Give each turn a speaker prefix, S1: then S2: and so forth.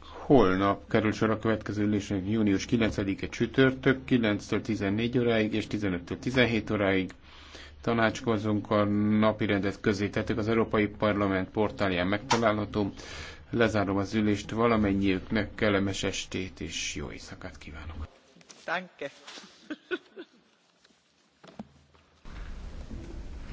S1: Holnap kerül sor a következő ülésen június 9-e csütörtök 9-től 14 óráig és 15-től 17 óráig tanácskozunk, a napi rendet közé tettük, az Európai Parlament portálján megtalálható. Lezárom az ülést, valamennyiüknek kellemes estét és jó éjszakát
S2: kívánok.
S3: Danke.